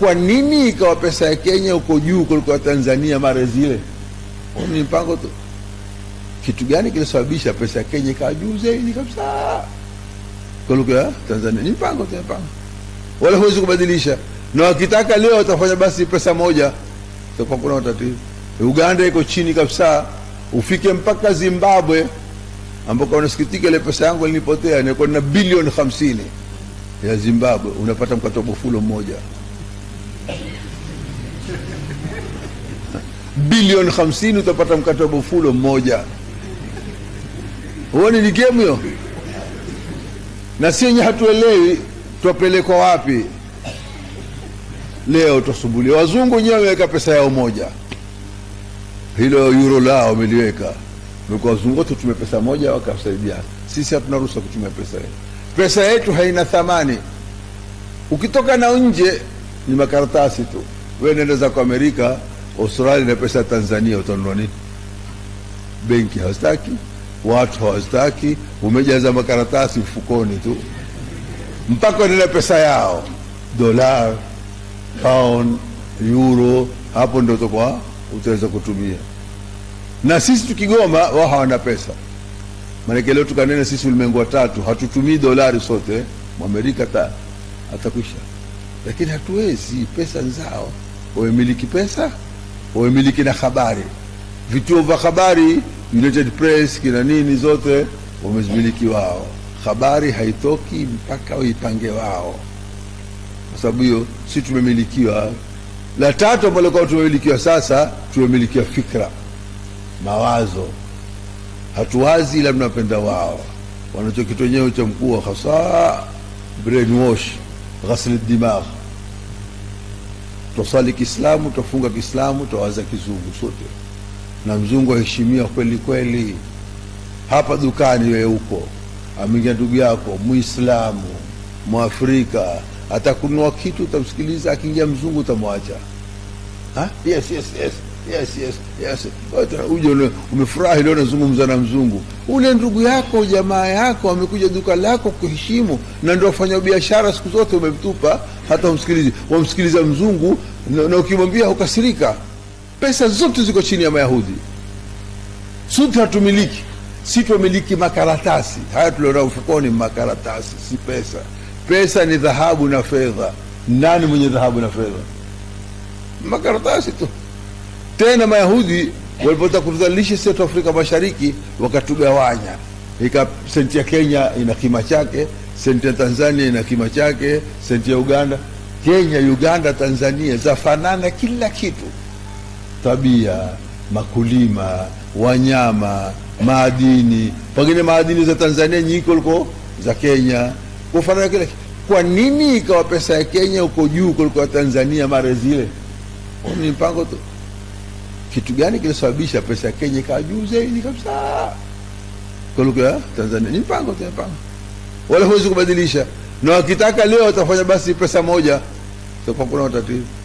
Kwa nini ikawa pesa ya Kenya uko juu kuliko Tanzania mara zile? Ni mpango tu. Kitu gani kilisababisha pesa ya Kenya ikawa juu zaidi kabisa kuliko ya Tanzania? Ni mpango tu, mpango wala huwezi kubadilisha, na wakitaka leo watafanya basi pesa moja, itakuwa kuna matatizo. Uganda iko chini kabisa, ufike mpaka Zimbabwe ambako unasikitika ile pesa yangu ilinipotea, nilikuwa na bilioni hamsini ya Zimbabwe, unapata mkatobofulo mmoja bilioni hamsini utapata mkate wa bofulo mmoja. Huoni ni gemu hiyo? Na si wenye hatuelewi twapelekwa wapi? Leo twasumbulia. Wazungu wenyewe wameweka pesa yao moja, hilo euro lao wameliweka wazungu wote tutumia pesa moja, wakasaidia Sisi hatuna ruhusa kutumia pesa yetu, pesa yetu haina thamani. Ukitoka na nje ni makaratasi tu. Wewe nenda zako Amerika, Australia na pesa Tanzania utanunua nini? Benki hawazitaki, watu hawazitaki, umejaza makaratasi mfukoni tu, mpaka nenda pesa yao dolar pound, euro. Hapo ndio utakuwa utaweza kutumia. Na sisi tukigoma, wao hawana pesa. Maanake leo tukanena sisi ulimwengu wa tatu, hatutumii dolari sote, Mwamerika atakwisha lakini hatuwezi pesa nzao. Wamemiliki pesa, wamemiliki na habari, vituo vya habari, United Press kina nini, zote wamezimiliki wao. Habari haitoki mpaka waipange wao, kwa sababu hiyo si tumemilikiwa. La tatu ambalo kwa tumemilikiwa sasa, tumemilikiwa fikra, mawazo, hatuwazi ila mnapenda wao, wanachokitonyeo cha mkuu wa hasa brainwash ghasli dimagh, twaswali Kiislamu, twafunga Kiislamu, twawaza kizungu sote, na mzungu aheshimiwa kweli kweli. Hapa dukani wewe uko amingia ndugu yako Muislamu, Mwafrika, atakunua kitu utamsikiliza, akiingia mzungu utamwacha. Yes, yes, yes yes, yes, yes. Uje umefurahi leo nazungumza na mzungu, ule ndugu yako jamaa yako amekuja duka lako kuheshimu, na ndio wafanya biashara siku zote, umemtupa hata umsikilizi, wamsikiliza mzungu, na ukimwambia ukasirika. Pesa zote ziko chini ya Mayahudi, sote hatumiliki si twamiliki makaratasi haya tulionao mfukoni, makaratasi si pesa. Pesa ni dhahabu na fedha. Nani mwenye dhahabu na fedha? Makaratasi tu. Tena Mayahudi walipota kuzalisha sisi Afrika Mashariki wakatugawanya, ika senti ya Kenya ina kima chake, senti ya Tanzania ina kima chake, senti ya Uganda. Kenya, Uganda, Tanzania zafanana kila kitu, tabia, makulima, wanyama, maadini. Pengine maadini za Tanzania nyiko liko za Kenya, kufanana kila Kwa nini ikawa pesa ya Kenya uko juu kuliko ya Tanzania mara zile? Ni mpango tu kitu gani kilisababisha pesa ya Kenya ikawa juu zaidi kabisa kwa lugha ya Tanzania? Ni mpango tu, mpango wala huwezi kubadilisha, na wakitaka leo watafanya basi pesa moja, kwa kuna tatizo